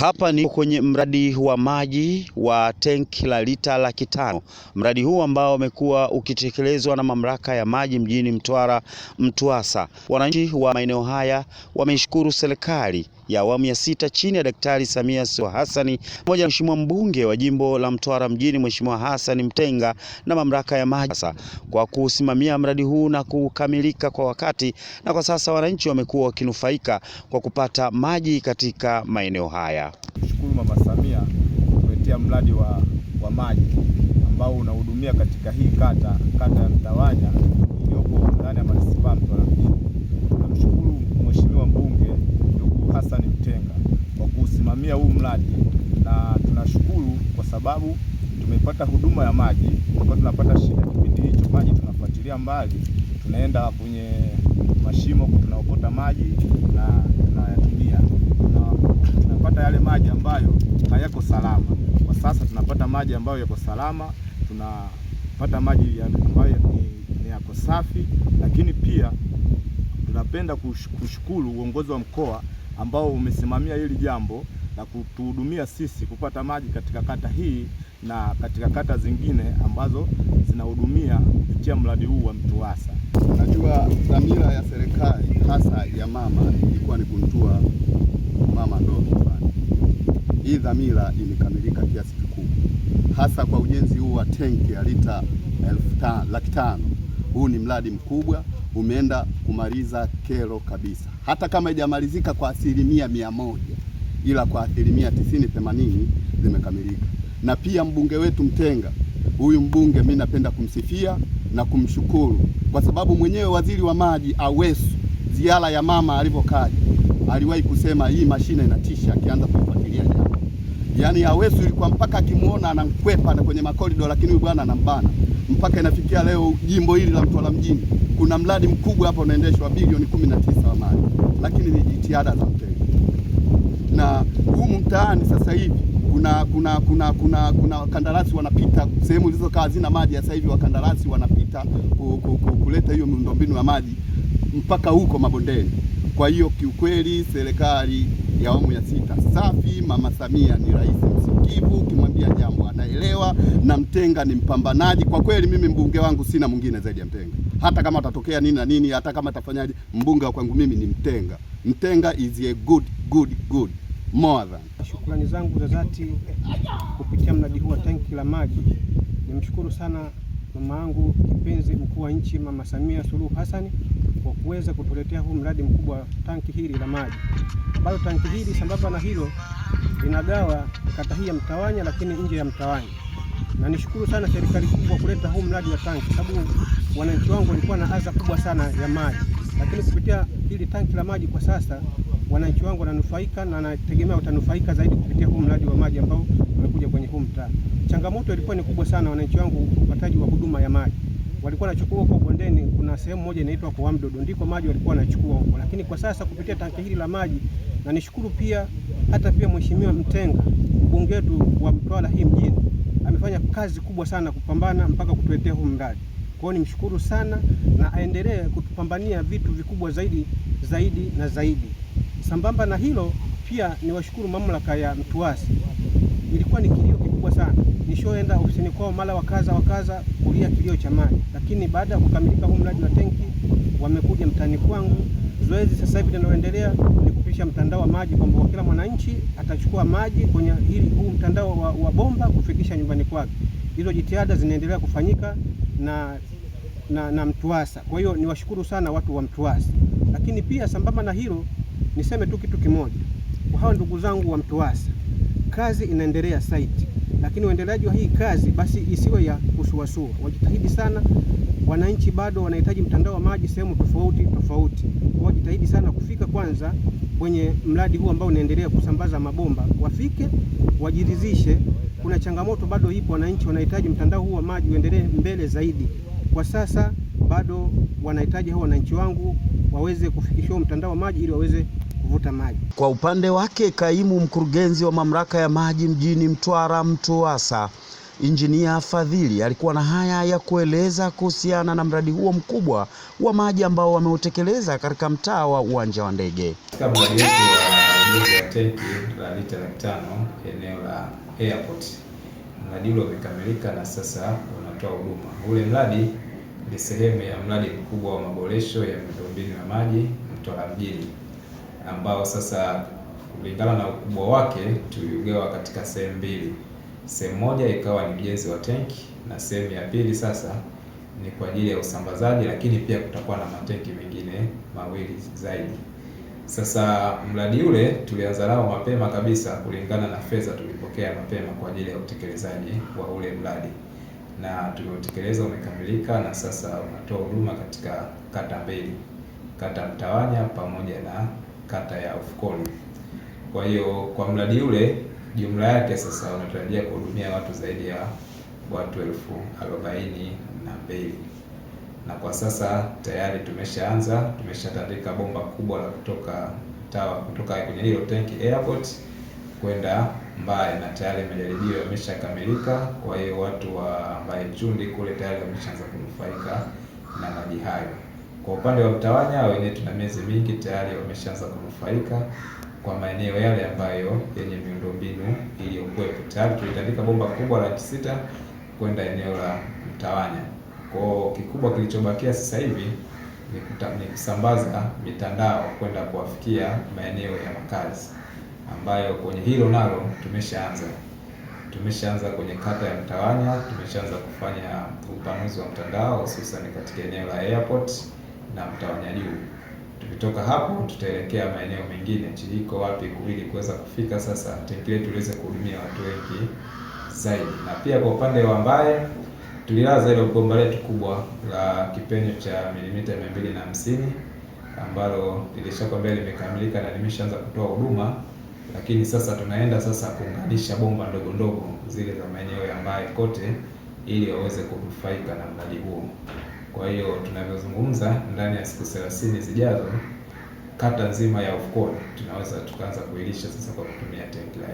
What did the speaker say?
Hapa ni kwenye mradi wa maji wa tenki la lita laki tano. Mradi huu ambao umekuwa ukitekelezwa na mamlaka ya maji mjini Mtwara, mtwasa Wananchi wa maeneo haya wameshukuru serikali ya awamu ya sita chini ya Daktari Samia Suluhu Hassan pamoja na Mheshimiwa mbunge wa jimbo la Mtwara mjini Mheshimiwa Hassan Mtenga na mamlaka ya maji kwa kusimamia mradi huu na kukamilika kwa wakati, na kwa sasa wananchi wamekuwa wakinufaika kwa kupata maji katika maeneo haya. Shukuru Mama Samia kuletea mradi wa, wa maji ambao unahudumia katika hii kata kata ya Mtawanya iliyopo ndani ya manispaa Mtwara mjini. kusimamia huu mradi na tunashukuru kwa sababu tumepata huduma ya maji. Tulikuwa tunapata shida kipindi hicho, maji tunafuatilia mbali, tunaenda kwenye mashimo tunaokota maji na tunayatumia, na tunapata yale maji ambayo hayako salama. Kwa sasa tunapata maji ambayo yako salama, tunapata maji ambayo ni yako safi, lakini pia tunapenda kushukuru uongozi wa mkoa ambao umesimamia hili jambo na kutuhudumia sisi kupata maji katika kata hii na katika kata zingine ambazo zinahudumia kupitia mradi huu wa Mtuwasa. Najua dhamira ya serikali hasa ya mama ilikuwa ni kuntua mama ndoo sana. Hii dhamira imekamilika kiasi kikubwa, hasa kwa ujenzi huu wa tenki ya lita laki tano. Huu ni mradi mkubwa, umeenda kumaliza kero kabisa, hata kama haijamalizika kwa asilimia mia moja ila kwa asilimia tisini themanini zimekamilika. Na pia mbunge wetu Mtenga, huyu mbunge mi napenda kumsifia na kumshukuru kwa sababu mwenyewe waziri wa maji Awesu, ziara ya mama alivyokaja, aliwahi kusema hii mashine inatisha, akianza kufuatilia jambo yaani Awesu ilikuwa mpaka akimwona anamkwepa na kwenye makorido, lakini huyu bwana anambana mpaka inafikia leo jimbo hili la Mtwara mjini kuna mradi mkubwa hapa unaendeshwa bilioni 19 wa maji, lakini ni jitihada za Mtenga na humu mtaani sasa hivi kuna kuna kuna kuna kuna wakandarasi wanapita sehemu zilizokaa hazina maji. Sasa hivi wakandarasi wanapita kuleta hiyo miundombinu ya maji mpaka huko mabondeni. Kwa hiyo kiukweli, serikali ya awamu ya sita safi. Mama Samia ni rais msikivu, ukimwambia jambo anaelewa, na Mtenga ni mpambanaji. Kwa kweli, mimi mbunge wangu sina mwingine zaidi ya Mtenga, hata kama atatokea nini na nini, hata kama atafanyaje, mbunge wa kwangu mimi ni Mtenga. Mtenga is a good good good more than. Shukrani zangu za dhati kupitia mradi huu wa tanki la maji, nimshukuru sana mama yangu kipenzi, mkuu wa nchi, Mama Samia Suluhu Hassan kwa kuweza kutuletea huu mradi mkubwa wa tanki hili la maji, ambalo tanki hili sambamba na hilo linagawa kata hii ya Mtawanya, lakini nje ya Mtawanya, na nishukuru sana serikali kubwa kuleta huu mradi wa tanki, sababu wananchi wangu walikuwa na adha kubwa sana ya maji, lakini kupitia hili tanki la maji kwa sasa wananchi wangu wananufaika na nategemea watanufaika zaidi kupitia huu mradi wa maji ambao umekuja kwenye huu mtaa. Changamoto ilikuwa ni kubwa sana, wananchi wangu upataji wa huduma ya maji walikuwa wanachukua huko bondeni. Kuna sehemu moja inaitwa kwa Mdodo, ndiko maji walikuwa wanachukua huko, lakini kwa sasa kupitia tanki hili la maji, na nishukuru pia hata pia Mheshimiwa Mtenga, mbunge wetu wa Mtwara hii mjini, amefanya kazi kubwa sana kupambana mpaka kutuletea huu mradi. Kwa hiyo nimshukuru sana, na aendelee kutupambania vitu vikubwa zaidi zaidi na zaidi. Sambamba na hilo pia niwashukuru mamlaka ya Mtuwasi, ilikuwa ni kilio kikubwa sana nishoenda ofisini kwao mara wakaza wakaza kulia kilio cha maji, lakini baada ya kukamilika huu mradi wa tenki wamekuja mtaani kwangu. Zoezi sasa hivi linaloendelea ni kupisha mtandao wa maji kwamba kila mwananchi atachukua maji kwenye hili huu mtandao wa, wa bomba kufikisha nyumbani kwake. Hizo jitihada zinaendelea kufanyika na, na, na Mtuwasa. Kwa hiyo niwashukuru sana watu wa Mtuwasa, lakini pia sambamba na hilo Niseme tu kitu kimoja kwa hawa ndugu zangu wa Mtwasa, kazi inaendelea site, lakini uendeleaji wa hii kazi basi isiwe ya kusuasua, wajitahidi sana. Wananchi bado wanahitaji mtandao wa maji sehemu tofauti tofauti, wajitahidi sana kufika kwanza kwenye mradi huu ambao unaendelea kusambaza mabomba, wafike wajiridhishe. Kuna changamoto bado ipo, wananchi wanahitaji mtandao huu wa maji uendelee mbele zaidi. Kwa sasa bado wanahitaji hao wananchi wangu waweze kufikishiwa mtandao wa maji ili waweze kuvuta maji. Kwa upande wake, kaimu mkurugenzi wa mamlaka ya maji mjini Mtwara MTUWASA Injinia Fadhili alikuwa na haya ya kueleza kuhusiana na mradi huo mkubwa wa maji ambao wameutekeleza katika mtaa wa uwanja wa ndege. Mradi wa tenki la lita laki tano eneo la airport, mradi ule umekamilika na sasa unatoa huduma. Ule mradi ni sehemu ya mradi mkubwa wa maboresho ya miundombinu ya maji Mtwara mjini ambao sasa kulingana na ukubwa wake tuliugawa katika sehemu mbili. Sehemu moja ikawa ni ujenzi wa tenki na sehemu ya pili sasa ni kwa ajili ya usambazaji, lakini pia kutakuwa na matenki mengine mawili zaidi. Sasa mradi ule tulianza nao mapema kabisa kulingana na fedha tulipokea mapema kwa ajili ya utekelezaji wa ule mradi na tuliotekeleza umekamilika na sasa unatoa huduma katika kata mbili, kata Mtawanya pamoja na kata ya Ufukoni. Kwa hiyo kwa mradi ule jumla yake sasa unatarajia kuhudumia watu zaidi ya watu elfu arobaini na mbili na kwa sasa tayari tumeshaanza, tumeshatandika bomba kubwa la kutoka tawa kutoka kwenye hilo tanki airport kwenda mbaya na tayari majaribio yameshakamilika. Kwa hiyo watu wa Mbae Chundi kule tayari wameshaanza kunufaika na maji hayo. Kwa upande wa Mtawanya wenyewe tuna miezi mingi tayari wameshaanza kunufaika kwa maeneo yale ambayo yenye miundombinu iliyokuwepo. Tayari tulitandika bomba kubwa la inchi sita kwenda eneo la Mtawanya. Kwa kikubwa kilichobakia sasa hivi ni kusambaza mitandao kwenda kuwafikia maeneo ya makazi ambayo kwenye hilo nalo tumeshaanza tumeshaanza kwenye kata ya Mtawanya, tumeshaanza kufanya upanuzi wa mtandao hususan katika eneo la airport na Mtawanya juu. Tukitoka hapo, tutaelekea maeneo mengine, chiliko wapi, ili kuweza kufika sasa tenki tuweze kuhudumia watu wengi zaidi. Na pia kwa upande wa Mbaye tulilaza ile bomba letu kubwa la kipenyo cha milimita mia mbili na hamsini ambalo nilishakwambia limekamilika na limeshaanza kutoa huduma lakini sasa tunaenda sasa kuunganisha bomba ndogo ndogo zile za maeneo ya Mbae kote ili waweze kunufaika na mradi huo. Kwa hiyo tunavyozungumza, ndani ya siku 30 zijazo, kata nzima ya Ufukoni tunaweza tukaanza kuilisha sasa kwa kutumia tenki la